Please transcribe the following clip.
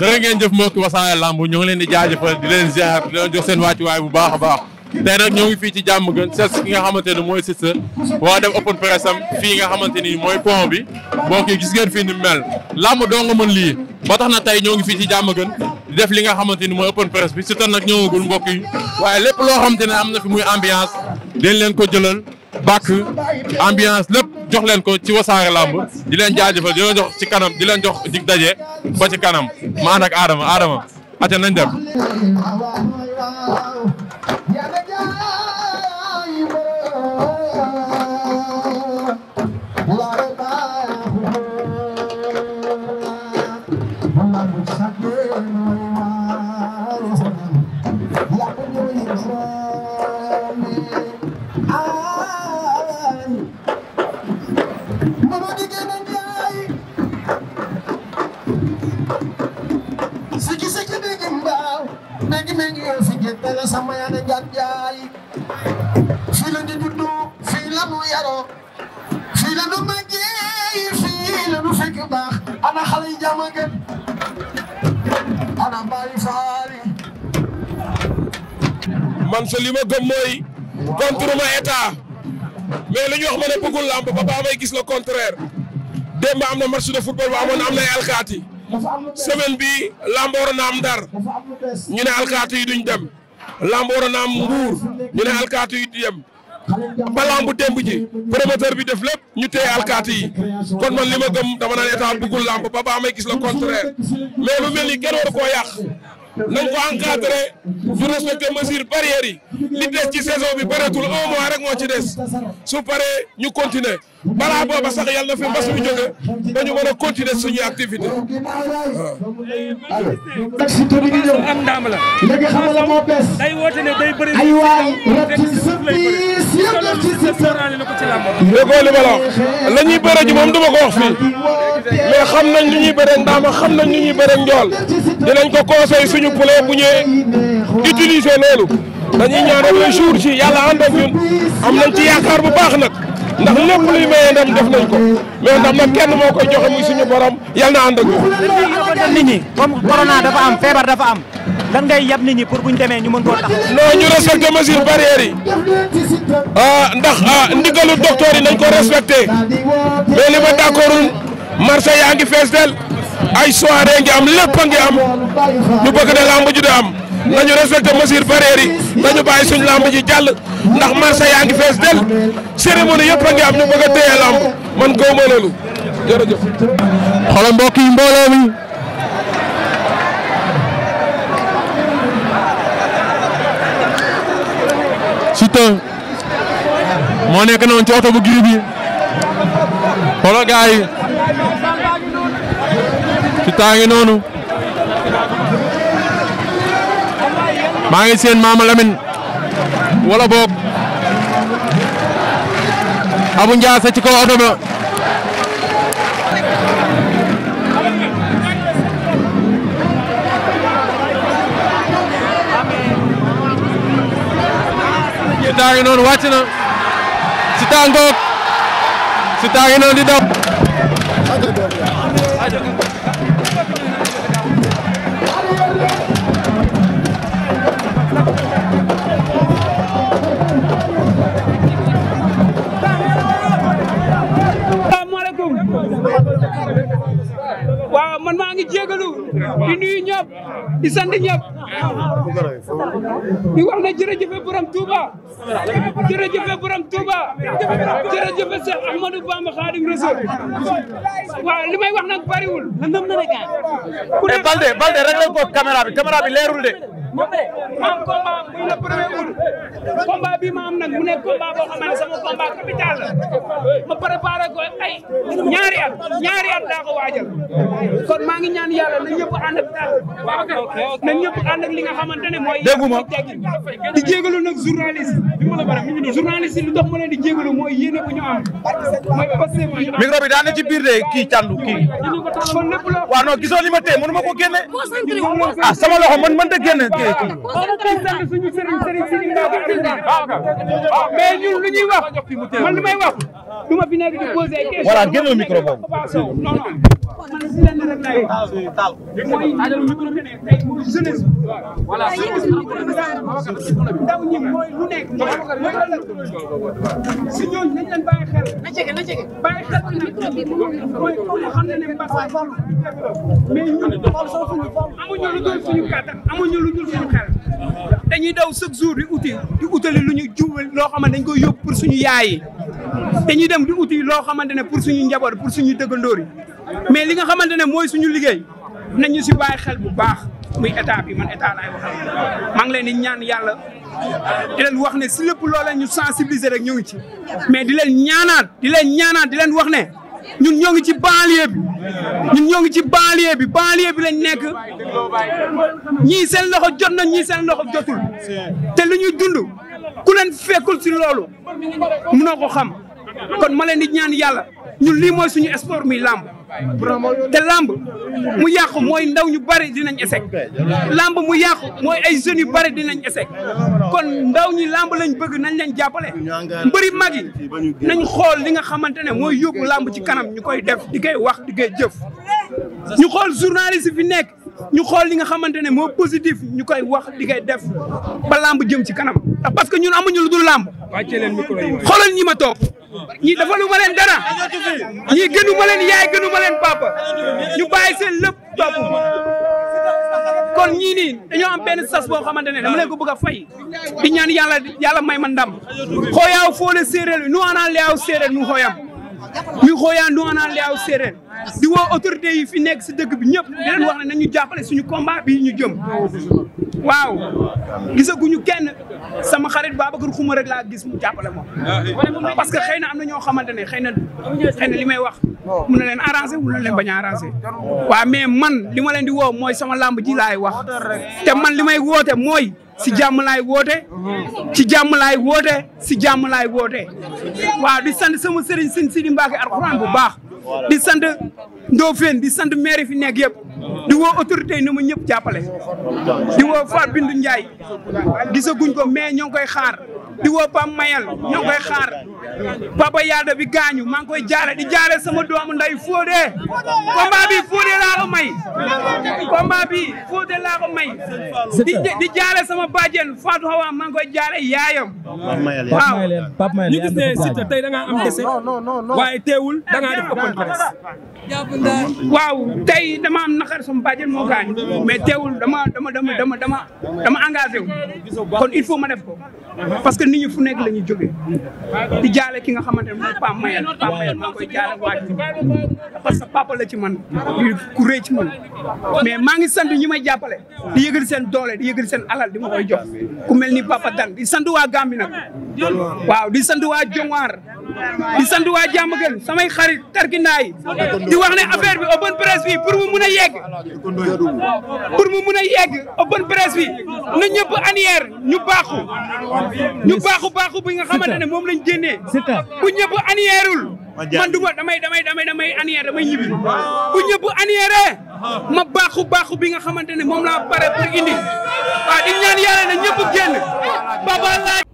jërë ngeen jëf mbokk Wassare Lamb ñoo ngi leen di jaajëfal di leen ziar di leen jox seen wàccuwaay bu baax a baax tey nag ñoo ngi fii ci jàmm gën seet ki nga xamante ne mooy Siteu waa def open press am fii nga xamante ni mooy pont bi mbokk yi gis ngeen fii ni mel làmb doo nga mën lii ba tax na tey ñoo ngi fii ci jàmm di def li nga xamante ni mooy open press bi Siteu nag ñëwagul mbokk yi waaye lépp loo xamante ne am na fi muy ambiance dañ leen ko jëlal bàkk ambiance lépp jox leen ko ci wasaare làmb di leen jaajëfal di leen jox ci kanam di leen jox dig daje ba ci kanam ma ànd ak Adama Adama ate nañ dem siki siki digi mbaaw mengi mengi yoo siki tele sama yaa ne jaay fii la ñu juddu fii la ñu yaroo fii la ñu baax ana xale yi ana bàyyi faali man so li ma ma état mais li ñu ma ne bëggul làmb papa may gis le contraire démb am na match de football bu amoon am nay alkaati semaine bi lamb war na am Ndar ñu ne alkaati yi duñ dem lamb war Mbuur ñu ne alkaati yu du dem ba lamb démb ji promoteur bi def lépp ñu téye alkaati yi kon man li ma gëm dama naan état bëggul lamb ba ba amay gis le contraire mais lu mel ni kenn waru koo yàq nañ ko encadré ñu respecté mesure barrière li des ci saison bi bëreetul un moo ci des su paree ñu continuer balaa booba sax yàlla na fi mbas a continuer suñuy bi ñëw am la. léegi xam la moo bees. day woote ne day bëri. ay waay rëcc sa biis yëpp rëcc sa biis. déggoo ji moom du ma ko wax xam nañ lu ñuy bëre ndaama xam nañ lu ñuy bëre njool. dinañ ko conseil suñu poulet bu ñuy utiliser loolu dañuy ñaan na i jour ci yàlla ànd ak am nañ ci yaakaar bu baax nag ndax lépp luy maye ndam def nañ ko mais ndam nag kenn moo koy joxe muy suñu borom yàlla na ànd ak ñun. nit ñi comme corona dafa am feebar dafa am lan ngay yab nit ñi pour buñ demee ñu mën koo tax. non ñu respecté mesure barrière yi ah, ndax ah, ndigalu docteur yi nañ ko respecté mais li ma d'accordul marché yaa ngi fees del ay soirée ngi am lépp a ngi am ñu bëgg ne lamb ju am nañu respecté mesures barrières nañu bàyyi suñu lamb ji ndax marché yaa ngi fees del cérémonie yëpp a ngi am ñu bëgg a téye lamb man góob ma loolu jërëjëf. xoolal mbokk yi mbooloo mi moo nekk noonu ci oto bu giri bi xoolal Siteu ngi noonu maa ngi seen Mama wala boog Abou Ndiassé ci kaw oto ba Siteu ngi noonu na Siteu ngoog di daw ñëpp di sant ñëpp di wax ne jërëjëfe borom Touba jërëjëfe borom Touba jërëjëfe Cheikh Ahmadou Bamba Khadim Rasoul waaw li may wax nag bariwul nam na rek eh Balde Balde rek ko caméra bi leerul de moom de ma am combat muy le premier août combat mu nekk combat boo xam ne sama combat capital la ma préparé ko ay ñaari at ñaari at daa waajal kon maa ngi ñaan yàlla na ñëpp ànd ak na ñëpp ànd ak li nga xamante ne mooy. dégguma di jégalu nag journaliste. journaliste lu tax mu leen di jégalu mooy yéene bu ñu am. mooy passé bu ñu am micro bi daan na ci biir de kii càndu kii. waaw non gisoo li ma téye mënu ma ko génne. ah sama loxo man mënut a génne kii kii. sant suñu sëriñ sëriñ du ma fi nekk di poser bi nekk tey daw chaque jour di uti lu ñu juwal loo xam ne dañ koy yóbbu pour suñu yaay yi dañuy dem di uti loo xamante ne pour suñu njaboot pour suñu dëggandóor yi mais li nga xamante ne mooy suñu liggéey nañu si bàyyi xel bu baax muy état bi man état laay waxal maa ngi leen di ñaan yàlla di leen wax ne si lépp loola ñu sensibiliser rek ñu ngi ci mais di leen ñaanaat di leen ñaanaat di leen wax ne ñun ñoo ngi ci banlieue bi ñun ñoo ngi ci banlieue bi banlieue bi lañ nekk ñii seen loxo jot na ñii seen loxo jotul te lu ñuy dund ku leen fekkul si loolu mënoo ko xam kon ma leen di ñaan yàlla ñun lii mooy suñu sport mi làmb te làmb mu yàqu mooy ndaw ñu bari dinañ échec làmb mu yàqu mooy ay jeunes yu bari dinañ échec kon ndaw ñi làmb lañ bëgg nañ leen jàppale mbëri mag yi nañ xool li nga xamante ne mooy yóbbu làmb ci kanam ñu koy def di kay wax di koy jëf ñu xool journaliste fi nekk ñu xool li nga xamante ne moo positif ñu koy wax di koy def ba làmb jëm ci kanam ndax ah, parce que ñun amuñu lu dul làmb xoolal ñi ma toog ñii dafa lu ma leen dara ñii gënu ma leen yaay gënu ma leen papa ñu bàyyi seen lépp topp kon ñii nii dañoo am benn sas boo xamante ne dama ko bëgg a fay di ñaan yàlla yàlla may ma ndam xooyaaw foole séeréer nu anaan leyaaw séeréer mu xooyam mi xooyaa nu anaan leyaaw séeréer di woo autorité yi fi nekk si dëkk bi ñëpp di leen wax ne nañu jàppale suñu combat bi ñu jëm waaw gisaguñu kenn sama xarit Babacar Xuma rek laa gis mu jàppale moom parce que xëy na am na ñoo xamante ne xëy na li may wax mu na leen arrangé mun na leen bañ a arrangé waaw man li ma leen di woo mooy sama làmb ji laay wax te man li may woote mooy si jàmm laay woote ci jàmm laay woote si jàmm laay woote waaw di sant sama sëriñ sëñ Sidi Mbacke alxuraan bu baax di sant Ndofène di sant maire fi nekk yëpp di woo autorité yi na ma ñëpp jàppale di woo Fatou Bintou Ndiaye gisaguñ ko mais ñoo gi koy xaar di woo Pam Mayel ñoo ngi xaar papa yaada bi gaañu maa ngi koy jaare di jaare sama doomu nday Fodé combat bi Fodé laa ko may combat bi Fodé laa may di jaare sama bàjjen Fatou Hawa maa ngi jaare yaayam waaw ñu gis ne Siteu tey da ngaa am dese waaye teewul da def open am naqar sama bàjjen ma def ko parce que nit ñi fu nekk la ñuy jógee jaale ki nga xamante ne mooy Pape Mayel ma koy jaale waajur parce que papa la ci man ku rëy man mais maa ngi sant ñi may jàppale di yëgal seen doole di yëgal seen alal di ma koy jox ku mel ni Papa Dan di sant waa Gàmbi nag waaw di sant waa Jonwaar di sant waa Jàmmagën samay xarit tarkindaa yi di wax ne affaire bi open press bi pour mu mun a yegg pour mu mun a yegg open press bi na ñëpp anière ñu baaxu ñu baaxu baaxu bi nga xamante ne moom lañ génnee bu ñëpp aniyeerul man du ma damay damay damay damay aniyeer damay ñibbi bu ñëpp aniyeeree ma baaxu baaxu bi nga xamante ne moom laa pare pour indi waaw di ñaan yàlla ne ñëpp génn baba laaj